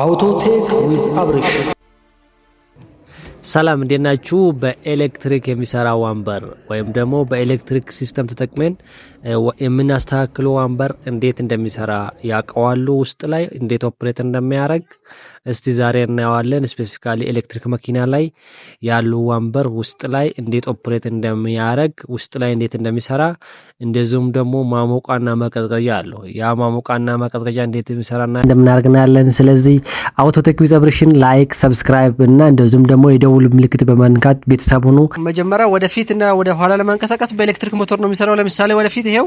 አውቶቴክ ዊዝ አብሪሽ ሰላም እንዴት ናችሁ? በኤሌክትሪክ የሚሰራ ወንበር ወይም ደግሞ በኤሌክትሪክ ሲስተም ተጠቅመን የምናስተካክለው ወንበር እንዴት እንደሚሰራ ያውቀዋሉ። ውስጥ ላይ እንዴት ኦፕሬት እንደሚያደርግ እስቲ ዛሬ እናየዋለን። ስፔሲፊካሊ ኤሌክትሪክ መኪና ላይ ያሉ ወንበር ውስጥ ላይ እንዴት ኦፕሬት እንደሚያደርግ ውስጥ ላይ እንዴት እንደሚሰራ እንደዚሁም ደግሞ ማሞቃና መቀዝቀዣ አለው። ያ ማሞቃና መቀዝቀዣ እንዴት የሚሰራና እንደምናደርግ ስለዚህ አውቶቴክ ዊዝ ላይክ፣ ሰብስክራይብ እና እንደዚሁም ደግሞ የደውል ምልክት በመንካት ቤተሰብ ሁኑ። መጀመሪያ ወደፊት እና ወደ ኋላ በኤሌክትሪክ ሞተር ነው የሚሰራው። ለምሳሌ ወደፊት ይሄው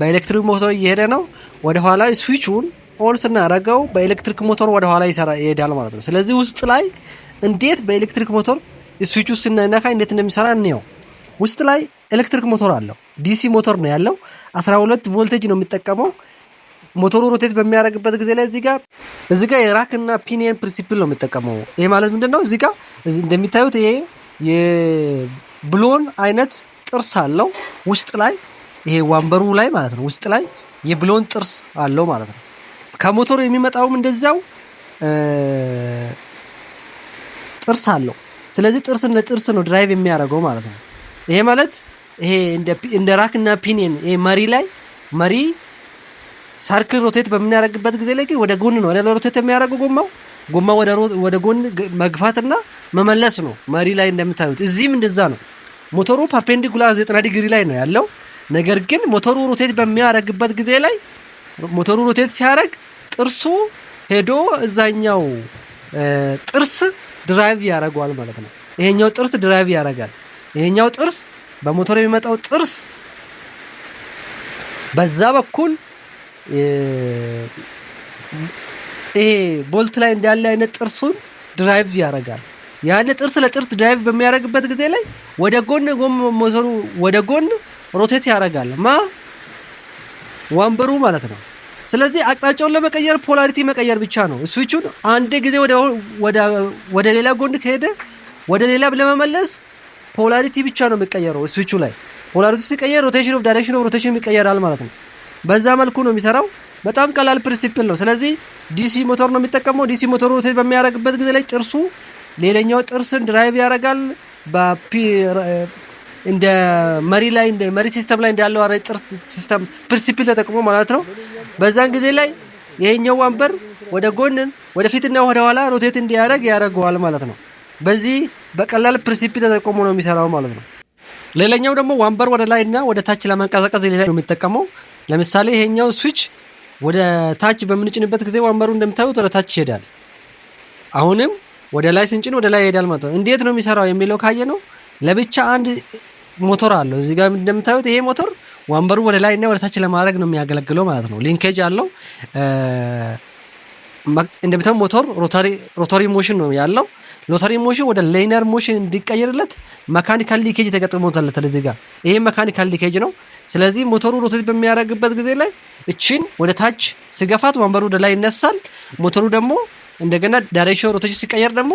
በኤሌክትሪክ ሞተር እየሄደ ነው። ወደኋላ ስዊቹን ኦን ስናረገው በኤሌክትሪክ ሞተር ወደ ኋላ ይሄዳል ማለት ነው። ስለዚህ ውስጥ ላይ እንዴት በኤሌክትሪክ ሞተር ስዊቹ ስናነካ እንዴት እንደሚሰራ እንየው። ውስጥ ላይ ኤሌክትሪክ ሞተር አለው። ዲሲ ሞተር ነው ያለው። 12 ቮልቴጅ ነው የሚጠቀመው። ሞተሩ ሮቴት በሚያደርግበት ጊዜ ላይ እዚህ ጋር እዚህ ጋር የራክ እና ፒኒየን ፕሪንሲፕል ነው የሚጠቀመው። ይሄ ማለት ምንድን ነው? እዚህ ጋር እንደሚታዩት ይሄ የብሎን አይነት ጥርስ አለው ውስጥ ላይ ይሄ ወንበሩ ላይ ማለት ነው። ውስጥ ላይ የብሎን ጥርስ አለው ማለት ነው። ከሞተሩ የሚመጣውም እንደዛው ጥርስ አለው። ስለዚህ እንደ ጥርስ ነው ድራይቭ የሚያደርገው ማለት ነው። ይሄ ማለት ይሄ እንደ ራክና ፒኒየን ይሄ መሪ ላይ መሪ ሰርክል ሮቴት በምናደርግበት ጊዜ ላይ ግን ወደ ጎን ነው ወደ ሮቴት የሚያደርገው ጎማው ጎማ ወደ ጎን መግፋትና መመለስ ነው። መሪ ላይ እንደምታዩት እዚህም እንደዛ ነው። ሞተሩ ፐርፔንዲኩላር ዘጠና ዲግሪ ላይ ነው ያለው። ነገር ግን ሞተሩ ሮቴት በሚያደርግበት ጊዜ ላይ ሞተሩ ሮቴት ሲያደርግ ጥርሱ ሄዶ እዛኛው ጥርስ ድራይቭ ያደርገዋል ማለት ነው። ይሄኛው ጥርስ ድራይቭ ያደርጋል። ይሄኛው ጥርስ በሞተር የሚመጣው ጥርስ በዛ በኩል ይሄ ቦልት ላይ እንዳለ አይነት ጥርሱን ድራይቭ ያደርጋል። ያን ጥርስ ለጥርስ ድራይቭ በሚያደርግበት ጊዜ ላይ ወደ ጎን ሞተሩ ወደ ጎን ሮቴት ያደርጋል ማ ወንበሩ ማለት ነው። ስለዚህ አቅጣጫውን ለመቀየር ፖላሪቲ መቀየር ብቻ ነው። ስዊቹን አንድ ጊዜ ወደ ሌላ ጎን ከሄደ ወደ ሌላ ለመመለስ ፖላሪቲ ብቻ ነው የሚቀየረው። ስዊቹ ላይ ፖላሪቲ ሲቀየር ሮቴሽን ኦፍ ዳይሬክሽን ኦፍ ሮቴሽን ይቀየራል ማለት ነው። በዛ መልኩ ነው የሚሰራው። በጣም ቀላል ፕሪንሲፕል ነው። ስለዚህ ዲሲ ሞተር ነው የሚጠቀመው። ዲሲ ሞተሩ ሮቴት በሚያደርግበት ጊዜ ላይ ጥርሱ ሌላኛው ጥርስን ድራይቭ ያደርጋል። እንደ መሪ ላይ እንደ መሪ ሲስተም ላይ እንዳለው ጥርስ ሲስተም ፕሪንሲፕል ተጠቅሞ ማለት ነው። በዛን ጊዜ ላይ ይሄኛው ወንበር ወደ ጎንን ወደ ፊትና ወደ ኋላ ሮቴት እንዲያደርግ ያደርገዋል ማለት ነው። በዚህ በቀላል ፕሪንሲፕ ተጠቆሞ ነው የሚሰራው ማለት ነው። ሌላኛው ደግሞ ወንበር ወደ ላይ እና ወደ ታች ለመንቀሳቀስ ሌላ ነው የሚጠቀመው። ለምሳሌ ይሄኛው ስዊች ወደ ታች በምንጭንበት ጊዜ ወንበሩ እንደምታዩት ወደ ታች ይሄዳል። አሁንም ወደ ላይ ስንጭን ወደ ላይ ይሄዳል ማለት ነው። እንዴት ነው የሚሰራው የሚለው ካየ ነው ለብቻ አንድ ሞተር አለው እዚህ ጋር እንደምታዩት ይሄ ሞተር ወንበሩ ወደ ላይ እና ወደ ታች ለማድረግ ነው የሚያገለግለው ማለት ነው። ሊንኬጅ አለው። እንደምታው ሞተር ሮተሪ ሞሽን ነው ያለው። ሮተሪ ሞሽን ወደ ሌነር ሞሽን እንዲቀየርለት መካኒካል ሊኬጅ ተገጥሞታል። እዚህ ጋር ይሄ መካኒካል ሊኬጅ ነው። ስለዚህ ሞተሩ ሮቴት በሚያደርግበት ጊዜ ላይ እችን ወደ ታች ስገፋት ወንበሩ ወደ ላይ ይነሳል። ሞተሩ ደግሞ እንደገና ዳይሬክሽን ሮቴሽን ሲቀየር ደግሞ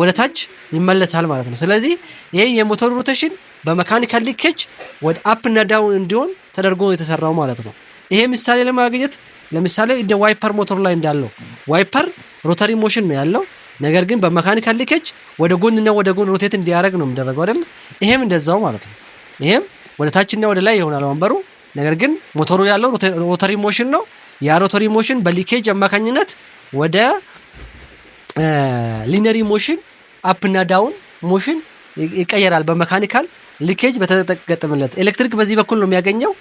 ወደ ታች ይመለሳል ማለት ነው። ስለዚህ ይሄ የሞተሩ ሮቴሽን በመካኒካል ሊኬጅ ወደ አፕ እና ዳውን እንዲሆን ተደርጎ የተሰራው ማለት ነው። ይሄ ምሳሌ ለማግኘት ለምሳሌ እንደ ዋይፐር ሞተር ላይ እንዳለው ዋይፐር ሮተሪ ሞሽን ነው ያለው። ነገር ግን በመካኒካል ሊኬጅ ወደ ጎንና ወደ ጎን ሮቴት እንዲያደርግ ነው የሚደረገው አይደል? ይሄም እንደዛው ማለት ነው። ይሄም ወደ ታችና ወደ ላይ ይሆናል ወንበሩ። ነገር ግን ሞተሩ ያለው ሮተሪ ሞሽን ነው። ያ ሮተሪ ሞሽን በሊኬጅ አማካኝነት ወደ ሊነሪ ሞሽን አፕና ዳውን ሞሽን ይቀየራል በመካኒካል ሊኬጅ በተገጠመለት ኤሌክትሪክ በዚህ በኩል ነው የሚያገኘው።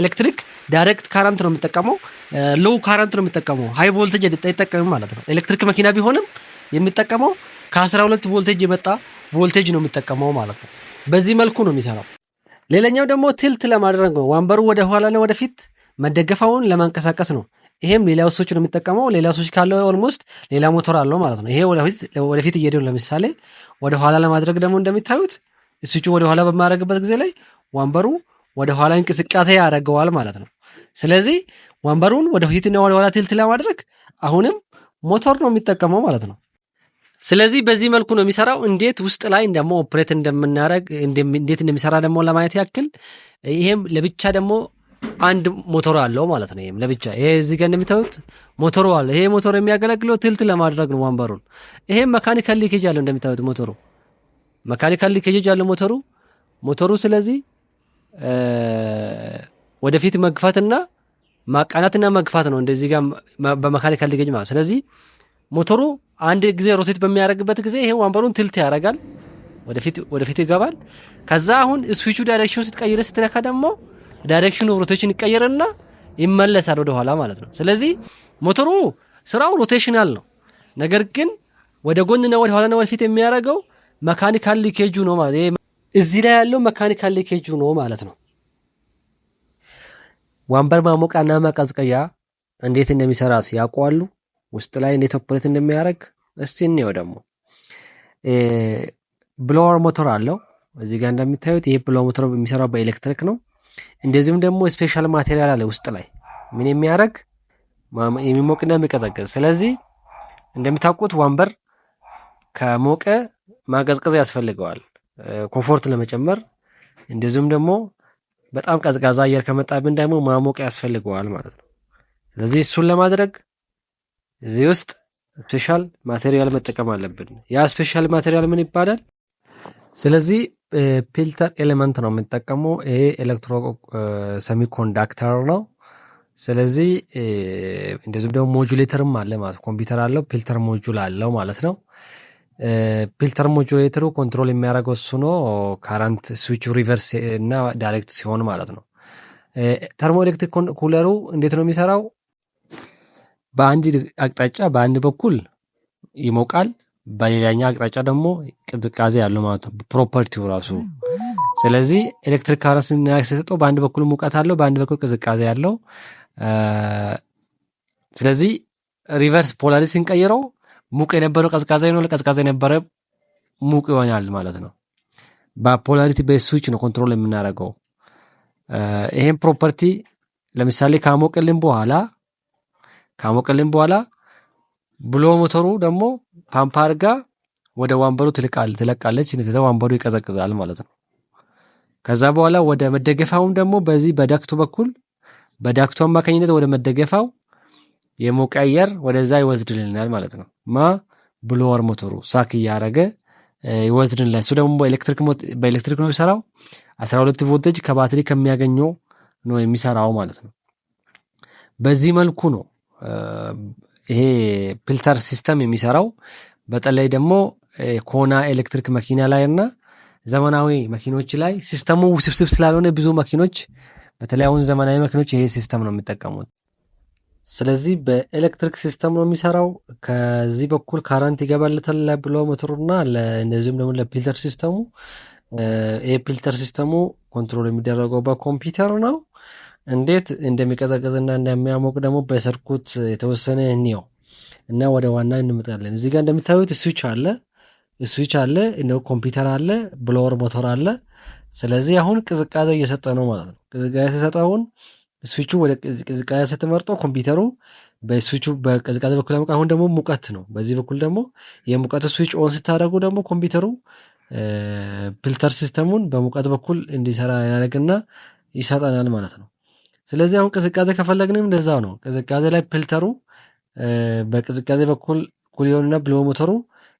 ኤሌክትሪክ ዳይሬክት ካረንት ነው የሚጠቀመው፣ ሎው ካረንት ነው የሚጠቀመው፣ ሀይ ቮልቴጅ አይጠቀምም ማለት ነው። ኤሌክትሪክ መኪና ቢሆንም የሚጠቀመው ከ12 ቮልቴጅ የመጣ ቮልቴጅ ነው የሚጠቀመው ማለት ነው። በዚህ መልኩ ነው የሚሰራው። ሌላኛው ደግሞ ትልት ለማድረግ ነው። ወንበሩ ወደ ወደፊት መደገፋውን ለማንቀሳቀስ ነው። ይሄም ሌላ ውሶች ነው የሚጠቀመው። ሌላ ውሶች ካለው ኦልሞስት ሌላ ሞተር አለው ማለት ነው። ይሄ ወደፊት እየሄደ ለምሳሌ ወደኋላ ለማድረግ ደግሞ እንደሚታዩት ስዊቹ ወደኋላ በማድረግበት ጊዜ ላይ ወንበሩ ወደኋላ እንቅስቃሴ ያደርገዋል ማለት ነው። ስለዚህ ወንበሩን ወደ ፊትና ወደኋላ ትልት ለማድረግ አሁንም ሞተር ነው የሚጠቀመው ማለት ነው። ስለዚህ በዚህ መልኩ ነው የሚሰራው። እንዴት ውስጥ ላይ ደግሞ ኦፕሬት እንደምናደረግ እንዴት እንደሚሰራ ደግሞ ለማየት ያክል ይሄም ለብቻ ደግሞ አንድ ሞተር አለው ማለት ነው። ይሄም ለብቻ ይሄ እዚህ ጋር እንደሚታዩት ሞተሩ አለ። ይሄ ሞተር የሚያገለግለው ትልት ለማድረግ ነው ወንበሩን። ይሄም መካኒካል ሊኬጅ አለው እንደሚታዩት ሞተሩ መካኒካል ሊኬጅ ያለው ሞተሩ ሞተሩ ስለዚህ ወደፊት መግፋትና ማቃናትና መግፋት ነው። እንደዚህ ጋር በመካኒካል ሊኬጅ ማለት ስለዚህ ሞተሩ አንድ ጊዜ ሮቴት በሚያደርግበት ጊዜ ይሄ ወንበሩን ትልት ያደርጋል፣ ወደፊት ይገባል። ከዛ አሁን ስዊቹ ዳይሬክሽን ስትቀይር ስትነካ ደግሞ ዳይሬክሽኑ ሮቴሽን ይቀየርና ይመለሳል ወደኋላ ማለት ነው። ስለዚህ ሞተሩ ስራው ሮቴሽናል ነው። ነገር ግን ወደ ጎንና ወደኋላና ወደፊት የሚያደርገው መካኒካል ሊኬጁ ነው ማለት እዚህ ላይ ያለው መካኒካል ሊኬጁ ነው ማለት ነው። ወንበር ማሞቃና ማቀዝቀዣ እንዴት እንደሚሰራ ያውቋሉ ውስጥ ላይ እንዴት ኦፕሬት እንደሚያደርግ እስቲ እንየው። ደግሞ ብሎወር ሞተር አለው እዚህ ጋር እንደሚታዩት። ይህ ብሎወር ሞተር የሚሰራው በኤሌክትሪክ ነው። እንደዚሁም ደግሞ ስፔሻል ማቴሪያል አለ ውስጥ ላይ ምን የሚያደርግ የሚሞቅና የሚቀዘቅዝ። ስለዚህ እንደሚታውቁት ወንበር ከሞቀ ማቀዝቀዝ ያስፈልገዋል ኮንፎርት ለመጨመር እንደዚሁም ደግሞ በጣም ቀዝቃዛ አየር ከመጣብን ደግሞ ማሞቅ ያስፈልገዋል ማለት ነው። ስለዚህ እሱን ለማድረግ እዚህ ውስጥ ስፔሻል ማቴሪያል መጠቀም አለብን። ያ ስፔሻል ማቴሪያል ምን ይባላል? ስለዚህ ፒልተር ኤሌመንት ነው የምንጠቀመው። ይሄ ኤሌክትሮ ሰሚኮንዳክተር ነው። ስለዚህ እንደዚሁም ደግሞ ሞጁሌተርም አለ ማለት ኮምፒውተር አለው ፒልተር ሞጁል አለው ማለት ነው። ፒልተር ሞጁሌተሩ ኮንትሮል የሚያደርገው እሱ ነው። ካረንት ስዊች ሪቨርስ እና ዳይሬክት ሲሆን ማለት ነው። ተርሞ ኤሌክትሪክ ኩለሩ እንዴት ነው የሚሰራው? በአንድ አቅጣጫ በአንድ በኩል ይሞቃል፣ በሌላኛ አቅጣጫ ደግሞ ቅዝቃዜ ያለው ማለት ነው ፕሮፐርቲው ራሱ። ስለዚህ ኤሌክትሪክ ካረንት ሲሰጠው በአንድ በኩል ሙቀት አለው፣ በአንድ በኩል ቅዝቃዜ ያለው። ስለዚህ ሪቨርስ ፖላሪስ ሲንቀይረው ሙቅ የነበረው ቀዝቃዛ ይሆናል፣ ቀዝቃዛ የነበረ ሙቅ ይሆናል ማለት ነው። በፖላሪቲ ቤዝ ስዊች ነው ኮንትሮል የምናደርገው። ይሄን ፕሮፐርቲ ለምሳሌ ካሞቅልን በኋላ ካሞቅልን በኋላ ብሎ ሞተሩ ደግሞ ፓምፕ አድርጋ ወደ ወንበሩ ትለቃለች። ከዛ ዋንበሩ ይቀዘቅዛል ማለት ነው። ከዛ በኋላ ወደ መደገፋውም ደግሞ በዚህ በዳክቱ በኩል በዳክቱ አማካኝነት ወደ መደገፋው የሞቀ አየር ወደዛ ይወስድልናል ማለት ነው። ማ ብሎወር ሞተሩ ሳክ እያረገ ይወስድንላ። እሱ ደግሞ በኤሌክትሪክ ነው የሚሰራው። አስራ ሁለት ቮልቴጅ ከባትሪ ከሚያገኘው ነው የሚሰራው ማለት ነው። በዚህ መልኩ ነው ይሄ ፒልተር ሲስተም የሚሰራው። በተለይ ደግሞ ኮና ኤሌክትሪክ መኪና ላይ እና ዘመናዊ መኪኖች ላይ ሲስተሙ ውስብስብ ስላልሆነ ብዙ መኪኖች በተለይ አሁን ዘመናዊ መኪኖች ይሄ ሲስተም ነው የሚጠቀሙት። ስለዚህ በኤሌክትሪክ ሲስተም ነው የሚሰራው። ከዚህ በኩል ካረንት ይገባለታል ለብሎ ሞተሩና እንደዚሁም ደግሞ ለፒልተር ሲስተሙ። ይህ ፒልተር ሲስተሙ ኮንትሮል የሚደረገው በኮምፒውተር ነው። እንዴት እንደሚቀዘቅዝና እንደሚያሞቅ ደግሞ በሰርኩት የተወሰነ እንየው እና ወደ ዋና እንመጣለን። እዚህ ጋር እንደሚታዩት ስዊች አለ ስዊች አለ ኮምፒውተር አለ ብሎወር ሞተር አለ። ስለዚህ አሁን ቅዝቃዜ እየሰጠ ነው ማለት ነው። ቅዝቃዜ ሲሰጠውን ስዊቹ ወደ ቅዝቃዜ ስትመርጦ ኮምፒውተሩ በስዊቹ በቅዝቃዜ በኩል ያሞቃል። አሁን ደግሞ ሙቀት ነው። በዚህ በኩል ደግሞ የሙቀቱ ስዊች ኦን ስታደረጉ ደግሞ ኮምፒውተሩ ፊልተር ሲስተሙን በሙቀት በኩል እንዲሰራ ያደርግና ይሰጠናል ማለት ነው። ስለዚህ አሁን ቅዝቃዜ ከፈለግንም እንደዛ ነው። ቅዝቃዜ ላይ ፊልተሩ በቅዝቃዜ በኩል ኩሊዮንና ብሎ ሞተሩ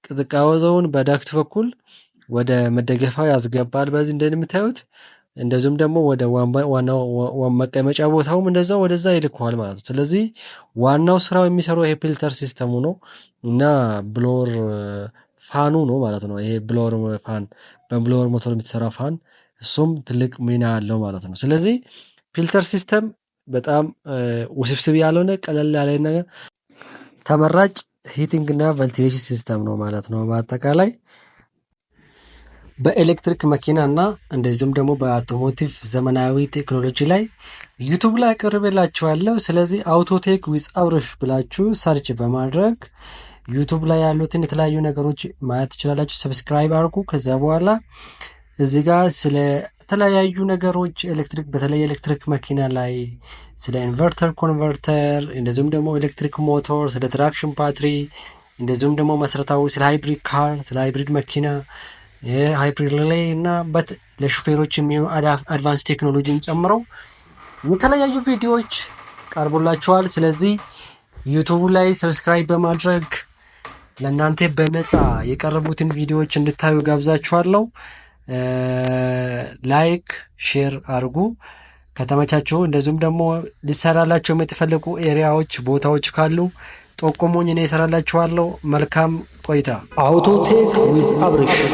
ቅዝቃዜውን በዳክት በኩል ወደ መደገፋው ያስገባል። በዚህ እንደምታዩት እንደዚሁም ደግሞ ወደ ዋናው መቀመጫ ቦታውም እንደዛው ወደዛ ይልከዋል ማለት ነው። ስለዚህ ዋናው ስራው የሚሰራው ይሄ ፊልተር ሲስተሙ ነው እና ብሎወር ፋኑ ነው ማለት ነው። ይሄ ብሎር ፋን በብሎወር ሞተር የሚሰራ ፋን እሱም ትልቅ ሚና አለው ማለት ነው። ስለዚህ ፊልተር ሲስተም በጣም ውስብስብ ያልሆነ ቀለል ያለ ነገር ተመራጭ ሂቲንግ እና ቨንቲሌሽን ሲስተም ነው ማለት ነው በአጠቃላይ በኤሌክትሪክ መኪና እና እንደዚሁም ደግሞ በአውቶሞቲቭ ዘመናዊ ቴክኖሎጂ ላይ ዩቱብ ላይ አቀርብላችኋለሁ። ስለዚህ አውቶቴክ ዊዝ አብርሽ ብላችሁ ሰርች በማድረግ ዩቱብ ላይ ያሉትን የተለያዩ ነገሮች ማየት ትችላላችሁ። ሰብስክራይብ አድርጉ። ከዛ በኋላ እዚ ጋር ስለ የተለያዩ ነገሮች ኤሌክትሪክ በተለይ ኤሌክትሪክ መኪና ላይ ስለ ኢንቨርተር፣ ኮንቨርተር እንደዚሁም ደግሞ ኤሌክትሪክ ሞተር ስለ ትራክሽን ባትሪ እንደዚሁም ደግሞ መሰረታዊ ስለ ሃይብሪድ ካር፣ ስለ ሃይብሪድ መኪና ሃይፐርሪሌይ እና ለሹፌሮች የሚሆኑ አድቫንስ ቴክኖሎጂን ጨምረው የተለያዩ ቪዲዮዎች ቀርቡላችኋል። ስለዚህ ዩቱቡ ላይ ሰብስክራይብ በማድረግ ለእናንተ በነፃ የቀረቡትን ቪዲዮዎች እንድታዩ ጋብዛችኋለሁ። ላይክ ሼር አድርጉ ከተመቻችሁ። እንደዚሁም ደግሞ ሊሰራላቸው የተፈለጉ ኤሪያዎች፣ ቦታዎች ካሉ ጠቁሙኝ፣ እኔ እሰራላችኋለሁ። መልካም ቆይታ። አውቶቴክ ዊዝ አብሪሽ